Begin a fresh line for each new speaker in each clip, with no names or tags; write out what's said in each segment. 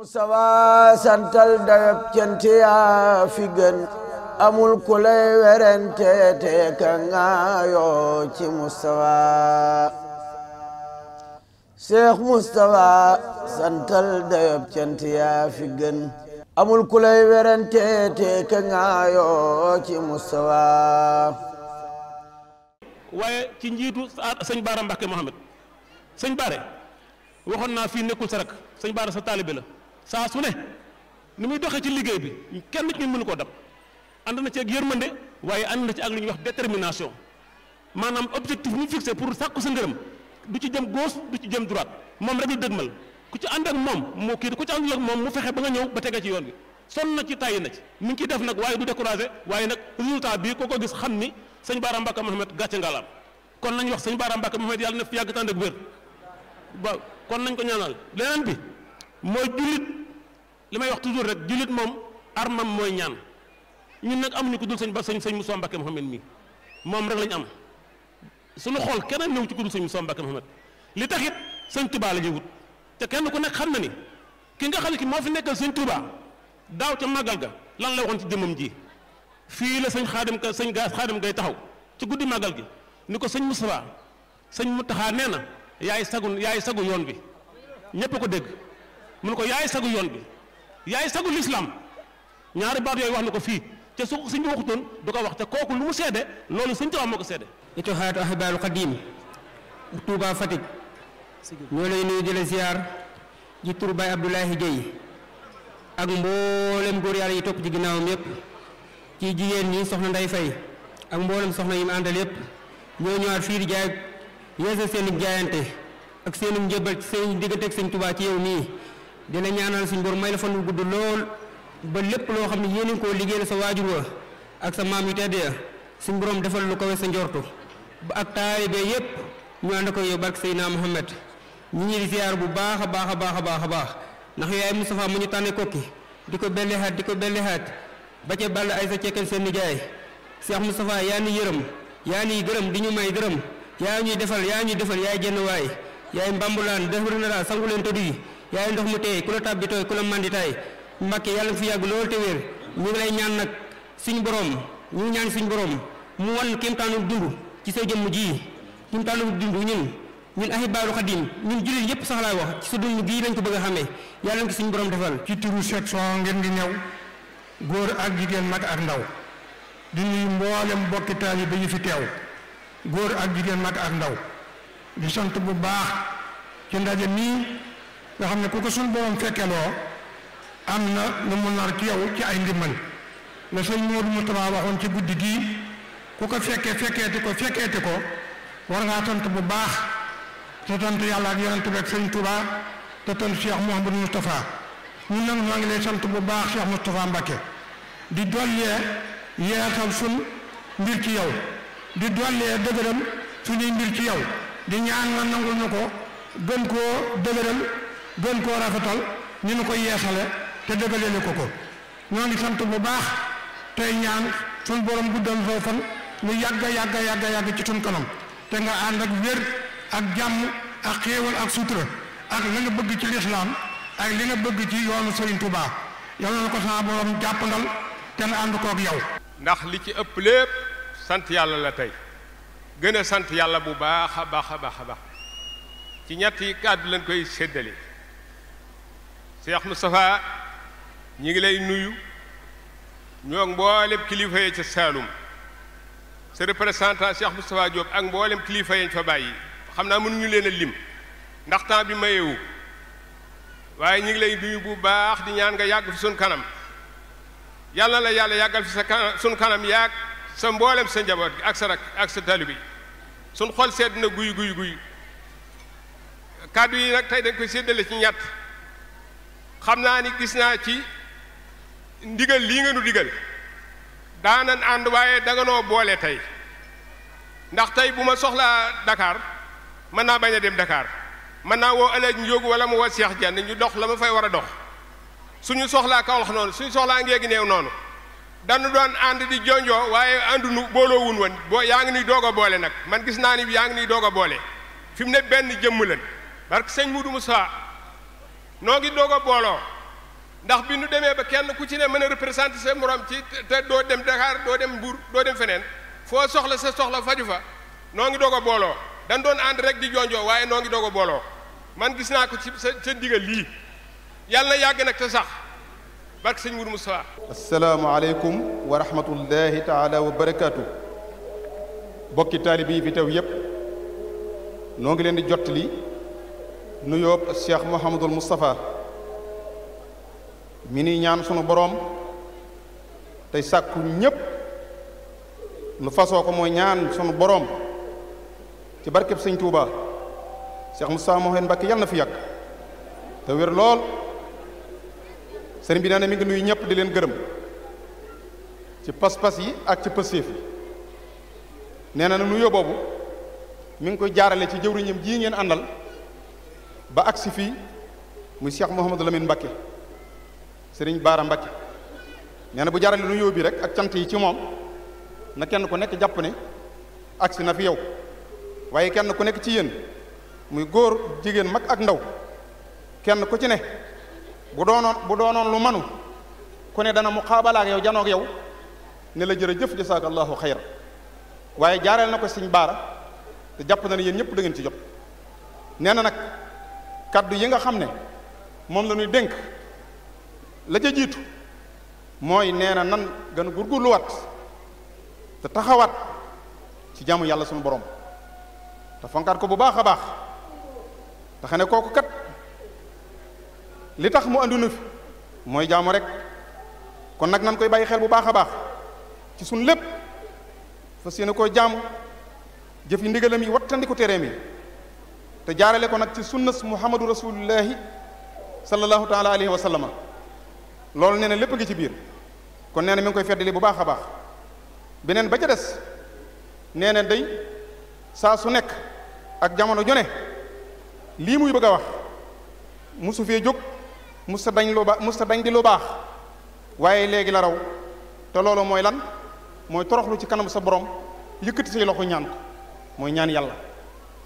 Mustafa santal dayab cant yaa fi amul ku lay werante ka ngaayoo ci Mustafa Seex ci njiitu sëñ Baara Mbàkke Mohamed sëñ Baare waxoon naa nekkul sa rak sëñ Baara sa taalibe la saa su ne ni muy doxee ci liggéey bi kenn ci ñun mënu koo dab ànd na ci ak yërmande waaye ànd na ci ak lu ñuy wax détermination maanaam objectif mu fixe pour sàkku sa ngërëm du ci jëm gauche du ci jëm droite moom rek la mal ku ci ànd ak moom moo kii ku ci àndul ak moom mu fexe ba nga ñëw ba tege ci yoon bi sonn na ci tàyyi na ci mu ngi ciy def nag waaye du découragé waaye nag résultat bi ko ko gis xam ni sëñ Baara Mbacke Mohamed gàcce ngalaam kon nañ wax sëñ Baara Mbacke Mohamed yàlla na fi yàgg tànd ak wér waaw kon nañ ko ñaanal leneen bi mooy jullit li may wax toujours rek jullit moom armam mooy ñaan ñun nag amuñu ko dul sëñ ba sëñ sëñ Moussa Mbacké Mouhamed mii moom rek lañu am suñu xool keneen ñëw ci ku dul sëñ Moussa Mbacké Mouhamed li tax it sëñ Touba la ñuy wut te kenn ku nekk xam na ni ki nga xam ne ki moo fi nekkal sëñ tubaa daaw ca màggal ga lan la waxoon ci jëmmam ji fii la sëñ xaadim ka sëñ gaa xaadim ngay taxaw ci guddi màggal gi ni ko sëñ Moustapha sëñ taxaa nee na yaay sagu yaay sagu yoon bi ñépp ko dégg mun ko yaay sagu yoon bi yaay sagu lislaam ñaari baat yooyu wax na ko fii te su suñ waxutoon du ko wax te kooku lu mu seede loolu suñ tawaam moo ko seede itoxaatu ahibaalu xadim
Touba Fatick ñoo lay nuyu di la ziar ji tur Baay Abdoulahi Gueye ak mboolem góor yàlla yi topp ci ginnaawam yépp ci jigéen ñi soxna Nday Fay ak mboolem soxna yi mu àndal yépp ñoo ñëwaat fii di jaay yeesal seen jaayante ak seen njëbal ci seen diggante ak seen Touba ci yow mii dina ñaanal suñu borom may la fan wu gudd lool ba lépp loo xam ne yéen koo liggéeyal sa waajur wa ak sa maam yu tedd ya suñu borom defal lu kawe sa njortu ba ak taalibe yépp ñu ànd ko yow barke Seydina Muhammad ñu ngi ziar bu baax a baax a baax a baax a baax ndax yaay Moustapha mu ñu tànne kokki di ko belleexaat di ko belleexaat ba ca ball ay sa cekkal seen nijaay si Cheikh Moustapha yaa ni yërëm yaa ni gërëm di ñu may dërëm yaa ñuy defal yaa ñuy defal yaay jenn waay yaay mbambulaan defar na laa sangu leen tëdd yi yaay ndox mu teey ku la tàbbi tooy ku la manditaay mbàkke yàlla nga fi yàgg loolu te wér ñu ngi lay ñaan nag suñu borom ñu ngi ñaan suñu borom mu wan kéem taanu dund ci sa jëmm ji kéem taanu dund ñun ñun ahibaaru xadim ñun jullit yépp sax laay wax ci sa dund gii lañ ko bëgg a xamee yàlla nga suñu borom defal. ci turu section ngeen di ñëw góor ak jigéen mag ak ndaw
di nuyu mboolem mbokki taalibe yi fi góor ak jigéen mag ak ndaw sant bu baax ci ndaje mii. nga xam ne ku ko suñ borom fekkeloo am na lu mu nar ci yow ci ay ndimbal la sëñ Moodu Mustafaa waxoon ci guddi gii ku ko fekkee fekkee fekkeeti ko fekkeeti ko war naa tontu bu baax te tontu yàlla ak yonent bi ak sëñ Tuubaa te tontu Cheikh Mouhamadou Moustapha ñun nag maa ngi bu baax Cheikh Moustapha Mbacké di dollee yeetal suñ mbir ci yow di dollee dëgëral suñuy mbir ci yow di ñaan nga nangul ko gën koo dëgëral gën koo rafetal ñu nu ko yeesale te dëggalele ko ko ñoo ngi sant bu baax tey ñaan suñ borom guddal soo fan lu yàgg yàgg yàgg yàgg ci suñ te nga ànd ak wér ak jàmm ak xéewal ak sutura ak li nga bëgg ci lislaam ak li nga bëgg ci yoonu Serigne Touba yow na ko saa borom jàppandal te nga ànd kook yow.
ndax li ci ëpp lépp sant yàlla la tey gën sant yàlla bu baax a baax a baax a baax ci ñetti kàddu lañ koy séddale. Cheikh Moustapha ñi ngi lay nuyu ñoo mboolem kilifa yi ca Saalum sa représentant Cheikh Moustapha Diop ak mboolem kilifa yi fa bàyyi xam naa mënuñu leen a lim ndax temps bi mayewu waaye ñi ngi lay nuyu bu baax di ñaan nga yàgg fi suñ kanam yàlla la yàlla yàggal fi sa kanam suñ kanam yàgg sa mboolem sa njaboot bi ak sa rak ak sa taalibe suñ xol sedd na guy guy guy kàddu yi nag tey dañ koy séddale ci ñett xam naa ni gis naa ci ndigal lii nga nu digal daanan ànd waaye daganoo boole tey ndax tey bu ma soxlaa dakaar mën naa bañ a dem Dakar mën naa woo El Hadj Ndiogou wala mu woo Cheikh Diagne ñu dox la ma fay war a dox suñu soxlaa Kaolack noonu suñu soxlaa Ngéegi neew noonu dañu doon ànd di jonjoo waaye àndunu booloo wun woon boo yaa ngi nuy doog a boole nag man gis naa ni yaa ngi nuy doog a boole fi mu ne benn jëmm lan barke sëñ Moudou Moussa noo ngi doog a booloo ndax bi nu demee ba kenn ku ci ne mën a représenté seen morom ci te doo dem Dakar doo dem Mbour doo dem feneen foo soxla sa soxla faju fa noo ngi doog a booloo dañ doon ànd rek di jonjoo waaye noo ngi doog booloo man gis naa ko ci sa sa ndigal lii yàlla na yàgg nag te sax barke sëñ Mourou Moustapha
asalaamaaleykum wa rahmatullahi taala wa barakaatu bokki taalibe yi fi teew yépp noo ngi leen di jottali nuyóob cheikh mohamadul moustapha mi ni ñaan sunu boroom tey sàkku ñépp nu fasoo ko mooy ñaan sunu boroom ci barkeb sëñ Tuuba cheikh moustapha Mouhamed Mbacké yal na fi yàgg te wér lool sëriñ bi nee na mi ngi nuyu ñëpp di leen gërëm ci pas-pas yi ak ci pëstéef yi nee na nuyoo boobu mi ngi koy jaarale ci jëwriñam jii ngeen àndal ba agsi fii muy Cheikh Mouhamadou Lamine Mbacke Serigne Baara Mbacke nee na bu jaarale nu yóbbi rek ak cant yi ci moom na kenn ku nekk jàpp ni agsi na fi yow waaye kenn ku nekk ci yéen muy góor jigéen mag ak ndaw kenn ku ci ne bu doonoon bu doonoon lu manu ku ne dana mu xaabalaak yow janoog yow ne la jër jërëjëf jasaakallaahu xayra waaye jaareel na ko Serigne Baara te jàpp na ne yéen ñëpp da ci jot nena na kaddu yi nga xam ne moom la ñuy dénk la ca jiitu mooy nee na nan gën a gurgurluwaat te taxawaat ci jaamu yàlla sunu borom te fonkaat ko bu baax a baax taxa ne kooku kat li tax mu andinu fi mooy jaamu rek kon nag nan koy bay xel bu baax a baax ci sun lépp fas yéene koo jaamu jëf yi ndigalam yi wattandi ko tereem yi te jaarale ko nag ci sunnas muhammadu rasulullahi sallallahu taala alayhi wa sallama loolu nee na lépp ngi ci biir kon nee na mi ngi koy feddali bu baax a baax beneen ba ca des nee na day saa su nekk ak jamono jone lii muy bëgg a wax musu fee jóg mus ta dañ lu baax mus ta dañ di lu baax waaye léegi la raw te loolu mooy lan mooy toroxlu ci kanam sa borom yëkkati say loxo ñaan ko mooy ñaan yàlla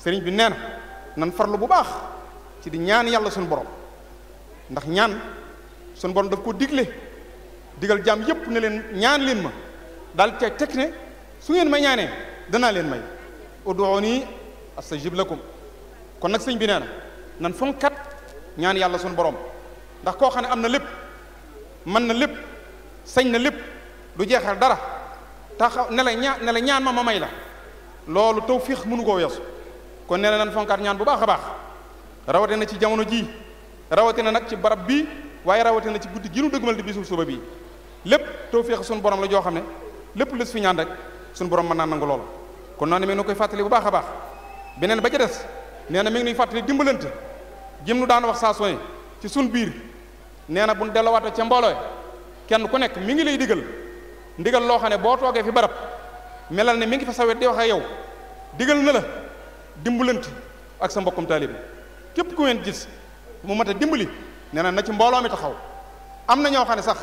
sëriñ bi nee na nan farlu bu baax ci di ñaan yàlla suñu borom ndax ñaan suñu borom daf ko digle digal jaam yépp ne leen ñaan leen ma daal ca teg ne su ngeen ma ñaanee danaa leen may ud'uuni astajib lakum kon nag sëñ bi nee na nan kat ñaan yàlla son borom ndax koo xam ne am na lépp mën na lépp sañ na lépp du jeexal dara tax ne la ñaan la ñaan ma ma may la loolu tawfiix mënu koo weesu kon nee na nan fonkaat ñaan bu baax a baax rawatina ci jamono ji rawatina nag ci barab bi waaye na ci guddi gi nu dëgmal di bisu suba bi lépp feex suñu borom la joo xam ne lépp lës fi ñaan rek suñu borom mën naa nangu lool kon noonu mi ngi koy fàttali bu baax a baax beneen ba ca des nee na mi ngi nuy fàttali dimbalante jëm nu daan wax saa sooy ci sun biir nee na bu nu delluwaatee ca mbooloo kenn ku nekk mi ngi lay digal ndigal loo xam ne boo toogee fi barab melal ne mi ngi fa sawet di wax yow digal na la. dimbalante ak sa mbokkum taalibe képp ku ngeen gis mu mat a dimbali nee na ci mbooloo mi taxaw am na ñoo xam ne sax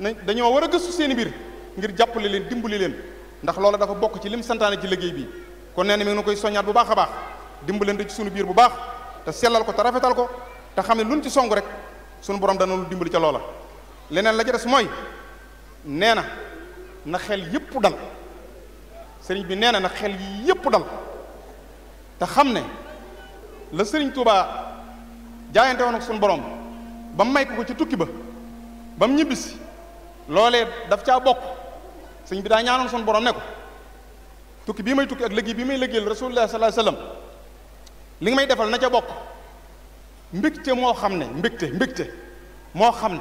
na dañoo war a gëstu seeni biir ngir jàppale leen dimbali leen ndax loola dafa bokk ci lim santaane ci liggéey bi kon nee na mi ngi koy soññaat bu baax a baax dimbalante ci sunu biir bu baax te sellal ko ta rafetal ko te xam ne luñ ci song rek sunu borom dana lu dimbali ca loola leneen la ca des mooy nee na na xel yépp dal sëriñ bi nee na na xel yépp dal te xam ne la sëriñ Touba jaayante woon ak suñu borom bam mu may ko ci tukki ba ba mu ñibbisi loolee daf caa bokk sëñ bi daa ñaanoon suñu borom ne ko tukki bii may tukki ak liggéey bii may liggéeyal rasulullah sallallahu alayhi wasallam li nga may defal na ca bokk mbégte moo xam ne mbégte mbégte moo xam ne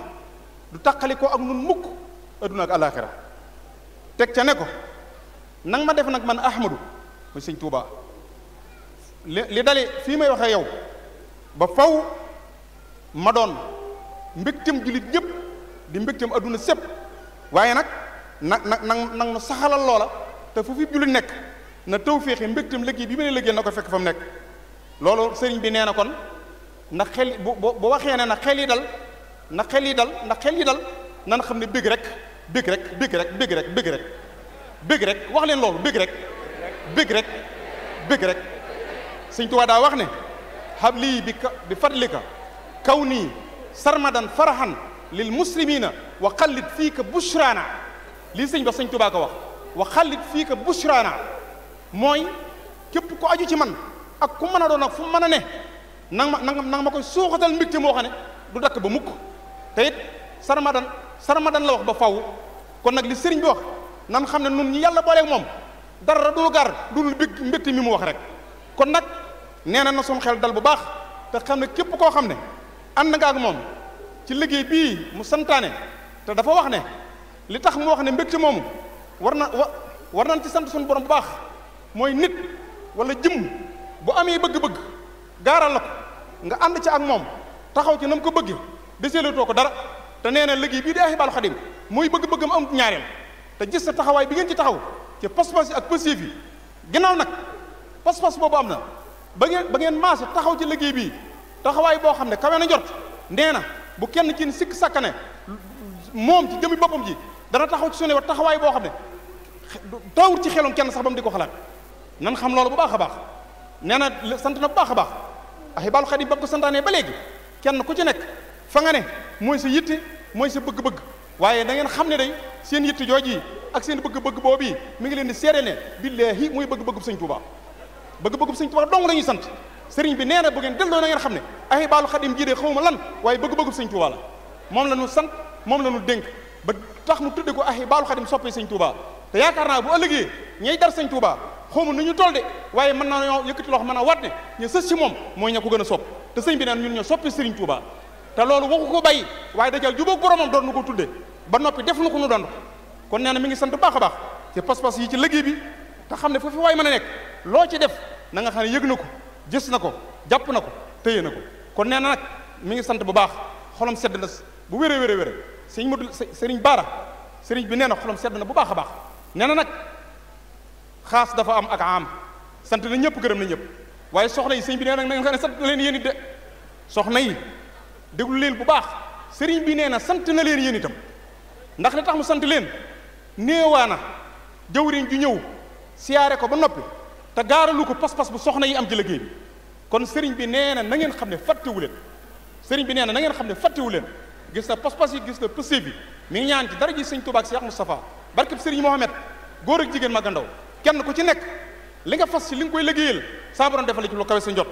du taqali ko ak nun mukk adduna ak alaxira teg ca ne ko nang ma def nag man ahmadu muy sëñ Touba. li li fii may waxee yow ba faw ma doon mbégtam jullit ñëpp di mbégtam adduna sépp waaye nag na na nag nu saxalal loola te fu fi jullit nekk na taw féexi mbégtam liggéey bi ma ne liggéey na ko fekk fa mu nekk loolu sëriñ bi nee na kon ndax xel bu bu waxee ne na xel yi dal na xel yi dal ndax xel yi dal nan xam ne bëgg rek bëgg rek bëgg rek bëgg rek bég rek wax leen loolu bëgg rek bëgg rek bëgg rek sëñ Tuubaa daa wax ne hablii bi bi fadlika kaw nii sarmadan farahan lil muslimina wa xallit fii ka bushraana lii sëñ ba sëñ tubaa ka wax wa xallit fii ka bushraana mooy képp ku aju ci man ak ku mën a doon ak fu mën a ne nang ma nang ma koy suuxatal mbégte moo xam ne du dakk ba mukk te it sarmadan sarmadan la wax ba faw kon nag li sëriñ bi wax nan xam ne nun ñi yàlla booleeg moom dara dul gar dul bég mbégte mi mu wax rek kon nag nee na na suñ xel dal bu baax te xam ne képp koo xam ne ànd nga ak moom ci liggéey bii mu santaane te dafa wax ne li tax mu wax ne ci moomu war na wa war nañ ci sant sun borom bu baax mooy nit walla jëm bu amee bëgg-bëgg gaaral la ko nga ànd ci ak moom taxaw ci na mu ko bëggee deseelatoo ko dara te nee na liggéey bii di Ahibahil Khadim muy bëgg-bëggam am ñaareel te gis sa taxawaay bi ngeen ci taxaw ci pas-pas yi ak pasif yi ginnaaw nag pas-pas boobu am na ba ngeen ba ngeen maase taxaw ci liggéey bii taxawaay boo xam ne kawe na njort nee na bu kenn ci sikk sakkane moom ci jëmi boppam ji dana taxaw ci sunu wa taxawaay boo xam ne tawur ci xelum kenn sax ba mu di ko xalaat nan xam loolu bu baax a baax nee na sant na bu baax a baax ahibaalu xadim ba ko santaanee ba léegi kenn ku ci nekk fa nga ne mooy si yitte mooy si bëgg-bëgg waaye da ngeen xam ne day seen yitte jooji ak seen bëgg-bëgg boobu mi ngi leen di seere ne billaahi muy bëgg-bëggu sëñ Tuubaa bëgg-bëggu sëñ Tuubaa dong la ñuy sant sëriñ bi nee na bu ngeen delloo xam ne ay baalu xadim jii de xawma lan waaye bëgg-bëggu sëñ Tuubaa la moom la sant moom la ñu ba tax mu tudde ko ay baalu xadim soppee sëñ Tuubaa te yaakaar naa bu ëllëgee ñay dar sëñ Tuubaa xawma nu ñu toll de waaye mën naa ñoo yëkkati loxo mën a wat ne ñu sës moom mooy ña ko gën a sopp te sëñ bi naan ñun ñoo soppi sëriñ Tuubaa te loolu waxu ko bàyyi waaye dajal jubóog boromam doon nu ko tudde ba noppi def nu ko nu dond kon na mi ngi sant baax a baax ci te xam ne foofu waay mën a nekk loo ci def na nga xam ne yëg na ko gis na ko jàpp na ko téye na ko kon nee na nag mi ngi sant bu baax xolam sedd na bu wéree wéree wéree sëriñ Modou sëriñ Baara sëriñ bi nee na xolam sedd na bu baax a baax nee na nag xaas dafa am ak am sant na ñëpp gërëm na ñëpp waaye soxna yi sëriñ bi nee na nga xam ne sant na leen yéen de soxna yi déglu leen bu baax sëriñ bi nee na sant na leen yéen itam ndax li tax mu sant leen néewaa na jawriñ ju ñëw siyaare ko ba noppi te gaaralu ko pas-pas bu soxna yi am ci liggéey bi kon sëriñ bi nee na na ngeen xam ne fàttewu leen sëriñ bi nee na na ngeen xam ne fàttewu leen gis na pas-pas yi gis na pësé bi mi ngi ñaan ci dara ji sëñ Tuubaa ak Seex Mustafaa barkeb sëriñ Mohamed góor ak jigéen mag ak ndaw kenn ku ci nekk li nga fas ci li nga koy liggéeyal saa borom defal ci lu kawe sa njot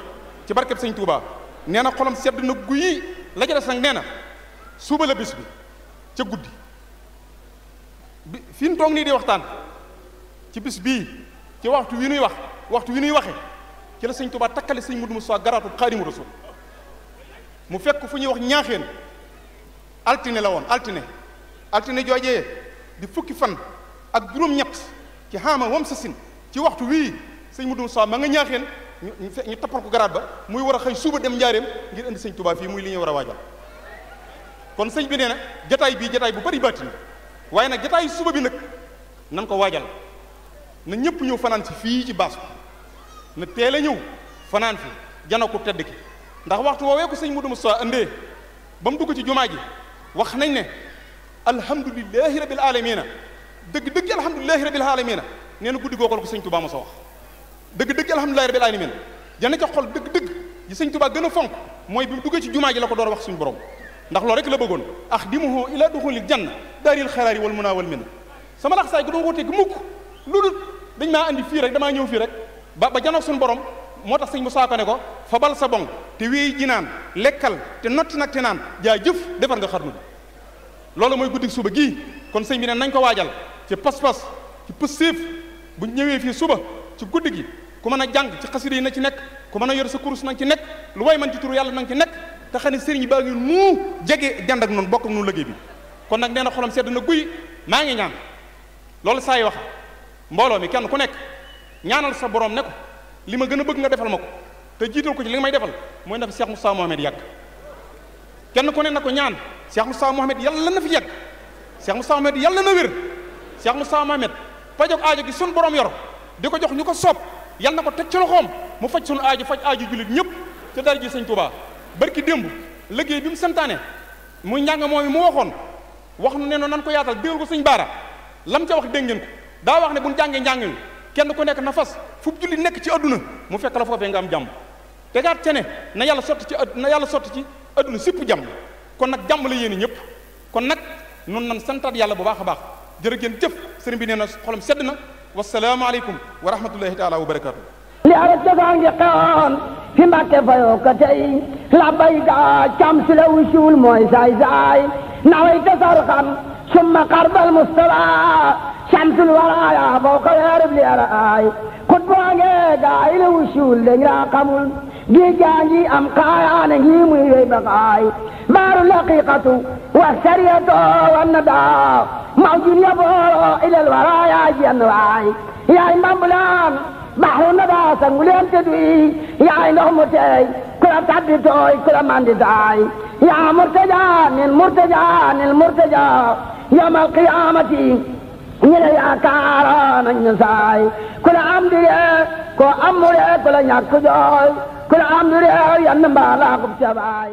ci barkeb sëñ Tuubaa nee na xolam sedd na guyi la ca des nag nee na suba la ca guddi bi toog nii di waxtaan ci bis bii ci waxtu wii nuy wax waxtu wi nuy waxe ci la sëñ Tuubaa takkale sëñ Mudu Musaa garaatu Xaadimu Rasuul mu fekk fu ñuy wax ñaaxeen altine la woon altine altine joojee di fukki fan ak juróom-ñett ci xaama wam sa sin ci waxtu wii sëñ Mudu Musaa ma nga ñaaxeen ñu tappal ko garaat ba muy war a xëy suba dem njaareem ngir indi sëñ Tuubaa fii muy li ñuy war a waajal kon sëñ bi nee na jataay bii jataay bu bari baatin waaye nag jataay suba bi nag nan ko waajal na ñëpp ñëw fanaan si fii ci baas na teel a ñëw fanaan fi jana ko tedd ki ndax waxtu woowee ko sëñ Modou Moussa indee ba mu dugg ci jumaa ji wax nañ ne alhamdulilahi rabil alamina dëgg dëgg alhamdulilahi rabil alamina nee na guddi gookal ko sëñ Touba Moussa wax dëgg dëgg alhamdulilahi rabil alamina jana ca xol dëgg dëgg yi sëñ Touba gën a fonk mooy bi mu duggee ci jumaa ji la ko door wax suñu borom ndax lool rek la bëggoon ax dimuhu ila duxulil janna daaril xaraari wal munaa wal min sama laxsaay gu doon te gu mukk lu dul dañ maa andi fii rek damaa ñëw fii rek ba ba janoog suñu borom moo tax sëñ Musaa Ka ne ko fa bal sa bong te wéy ji naan lekkal te notti nag te naan jaa jëf defar nga xarnu bi loolu mooy guddi suba gii kon sëñ bi ne nañ ko waajal ci pas-pas ci pësséef bu ñëwee fii suba ci guddi gi ku mën a jàng ci xasida yi na ci nekk ku mën a yor sa kurus na ci nekk lu way man ci turu yàlla na nga ci nekk te xam ne sëriñ baa ngi nuu jege jànd ak noonu bokk ak noonu liggéey bi kon nag nee na sedd na guy maa ngi ñaan loolu saa yi wax mbooloo mi kenn ku nekk ñaanal sa borom ne li ma gën a bëgg nga defal ma ko te jiital ko ci li nga may defal mooy na fi Cheikh Moustapha Mohamed yàgg kenn ku ne na ko ñaan Cheikh Moustapha Mohamed yàlla na fi yàgg Cheikh Moustapha Mohamed yàlla na wér Cheikh Moustapha Mohamed fajog aajo gi sun borom yor di ko jox ñu ko soob yàlla na ko te ci loxoom mu faj sun aajo faj aajo jullit ñëpp te dara ji sëñ Touba ki démb liggéey bi mu santaane muy njàng moom mi mu waxoon wax nu ne noonu ko yaatal déggal ko sëñ baara lam ca wax dégg daa wax ne bu ñu jàngee kenn ku nekk na fas fu julli nekk ci adduna mu fekk la foofee nga am jàmm tegaat ca ne na yàlla sotti ci na yàlla sotti ci adduna sipp jàmm kon nag jàmm la yéene ñëpp kon nag nun nan santaat yàlla bu baax a baax jërë ngeen jëf sëriñ bi nee na xolam sedd na wasalaamaaleykum wa rahmatullahi taala wa barakaatu
li arab dafaa ngi xewoon fi mbàkke fayoo ko tey la bay gaa cam si la wusiwul mooy saay saay naway tasar xam summa xarbal mustawa samsul waraaya boo ko weerub leeraay kut boo ngee gaay la wusul dañ raa xamul géej gaa ngi am xaayaana ngi muy wey ba xaay baaru laqiqatu wa sariyatu wa nadaa maw jun ya booro ilal waraaya jenn waay yaay mbambulaan baxru nadaa sanguleen te duy yaay ndox mu teey ku la tabbi tooy ku la mandi taay yaa murtajaa nil murtajaa nil murtajaa yawmal qiyaamati ñi la yaakaaroon nañ ñu saay ku la am di réer koo amul réer ku la ñàkk jooy ku la am di réer yenn mbaa laa ko ca